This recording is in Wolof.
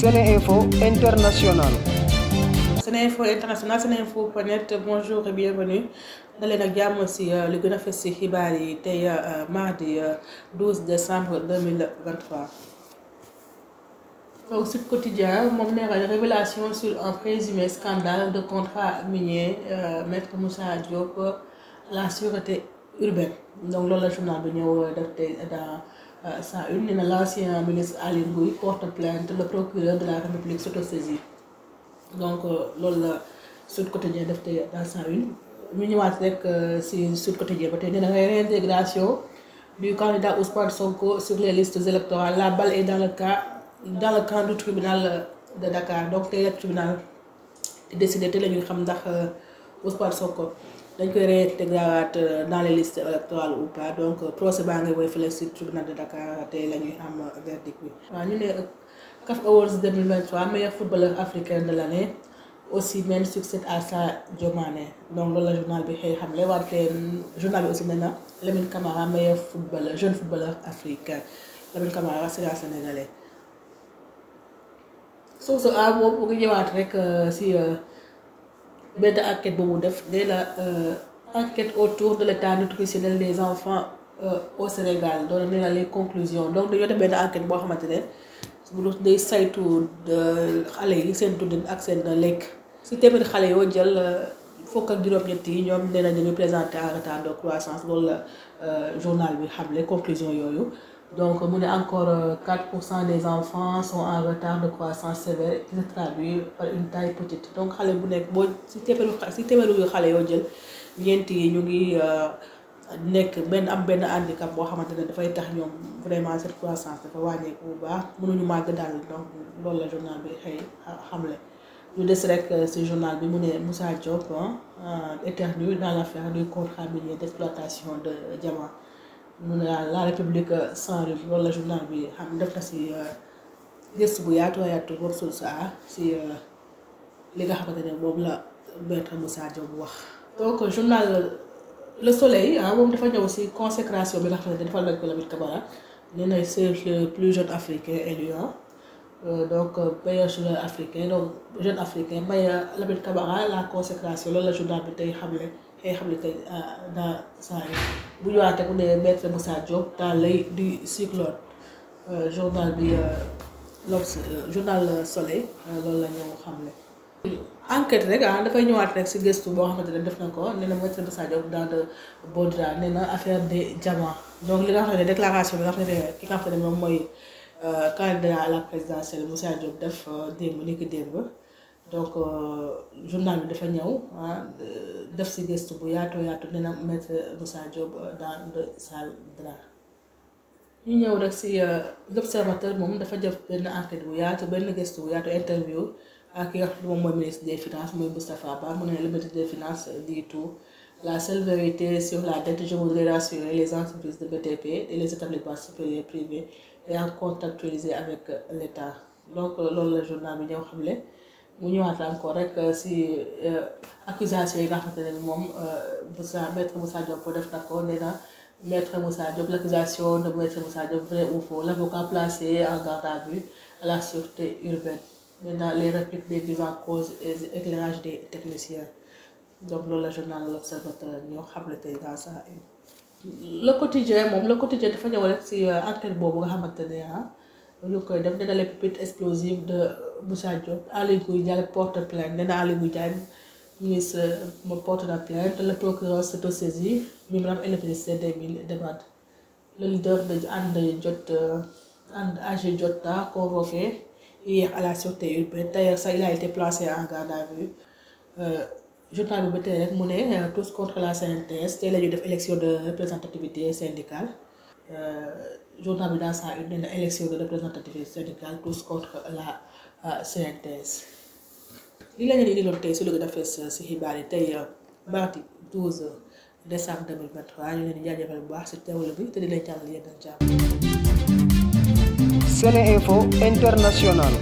Sénéinfo International. Sénéinfo International Sénéinfo.net bonjour et bienvenue daleen ak jàmm si euh, li gën a fës si xibaar yi tey euh, mardi 12 euh, décembre 2023. au Sud Quotidien moom nee révélation sur un présumé scandale de contrat minier euh, maître Moussa Diop la sûreté urbaine donc loolu la journal bi ñëw def tey dans. Euh, ça une nee na l'ancien ministre Aly Ngouille porte plainte le procureur de la République s'autosaisit donc euh, loolu la Sud Quotidien def te dans ça une mu ñëwaat rek euh, si Sud Quotidien ba tey nee na ngay réintégration du candidat Ousmane Sonko sur les listes électorales la balle est dans le cas dans camp du tribunal de Dakar donc tey la tribunal di décider te la ñuy xam ndax Ousmane Sonko. dañ koy réintégrer dans les listes électorales ou pas donc procès baa ngay woy fële si tribunal de Dakar tey la am verdict bi. waaw ñu ne CAF footballeur africain de l'année aussi même succès à Sadio Mané donc loolu la journal bi xëy xamle wante journal bi aussi nee na Lamine Camara footballeur jeune footballeur africain Lamine Camara c'est un Sénégalais. suuf su aar boobu bu rek euh, euh, benn enquête boobu mu def nee na euh, enquête autour de l' état nutritionnel des enfants euh, au Sénégal doon nee na les conclusions donc dañoo def benn enquête boo xamante ne bu day saytu euh, xale yi seen dundin ak seen lekk si téeméeri xale yoo jël fukk ak juróom-ñett yi ñoom nee na dañu présenté en retard de croissance loolu la journal bi xamle conclusion yooyu. donc mu ne encore 4 euh, pour cent des enfants sont en retard de croissance sévère qui se traduit par une taille petite donc xale bu nekk boo si téeméeru si téeméeru xale yoo jël ñeent yi ñu ngi euh, nekk benn am benn handicap boo xamante ne dafay tax ñoom vraiment cette croissance dafa wàññeeku bu baax mënuñu màgg daal donc loolu la journal bi xëy le ñu des rek euh, si journal bi mu ne Moussa Diop éternue dans l'affaire du contrat minier exploitation de diamant mu ne la république euh, sans rut loolu la journal bi xam def na si euh, gëstu bu yaatu yaatu boobu suuf saa si euh, li nga xamante ne moom la maître Moussa Diop wax. donc journal Le Soleil ah moom dafa ñëw si consécration bi nga xamante ne defal nañ ko Lamine Camara ah. donc meilleur joueur africain donc jeune africain may Lamine la consécration loolu la journal bi tey xamle. réhabilité xam ne yi ah, bu ñu waatee ku ne maître Moussa Diop dans l'œil du cyclone euh, journal bi euh, l'Obs euh, journal Soleil loolu la xam ne. enquête rek ah dafay ñëwaat rek si gëstu boo xamante ne def na ko ne na maître Moussa Diop dans le Baudra nee na affaire des diamants donc li nga xam ne déclaration bi nga xam ne ki nga xam ne moom mooy candidat à la présidentielle Moussa def démb ni ki démb. donc euh, journal bi dafa ñëw ah, def si gëstu bu yaatoo yaatu dina mettre Moussa Diop euh, dans le sale drap ñu ñëw rek si euh, l'observateur moom dafa jëf benn enquête bu yaatu benn gëstu bu yaatu interview ak ki nga xam moom mooy ministre des finances mooy Moustapha Ba mu ne le ministre des finances la seule vérité sur la dette je voudrais rassurer les entreprises de BTP et les établissements supérieurs privés et en avec l'État donc loolu la journal bi ñëw le mu ñëwaat encore rek euh, si euh, accusation yi nga xamante ne moom euh, Moussa maître Moussa Diop def na ko nee na maître Moussa Diop l'accusation de maître Moussa Diop vrai ou faux l'avocat placé a garde à vue à la sûreté urbaine maintenant les répliques des divans cause et éclairage des techniciens loolu la journal l'Observateur ñoo xamle tey dans ça le ah, koy def dina les pépites explosives de Moussa Diop Aly Ngouille Ndiaye porte plainte nee na Aly Ngouille Ndiaye ministre ma porte la plainte le procureur s'autosaisit bi maanaam LPDC 2000 demande le leader de ànd jot ànd AG Diota convoqué hier à la sûreté urbaine d'ailleurs sax il a été en garde à vue euh, journal bi ba tey rek mu ne euh, tous contre la CNTS tey la ñuy def élection de représentativité syndicale Euh, journal bi dans sa une nee na élection de représentative Sénégal tous contre la euh, CNTS li la ngeen indiloon tey si lu gën fees euh, si xibaar yi tey mardi 12 décembre 2023 ñu leen di jaajëfal bu baax si teewlu bi te di lay tàllal yenn jàmm. Sene Info International.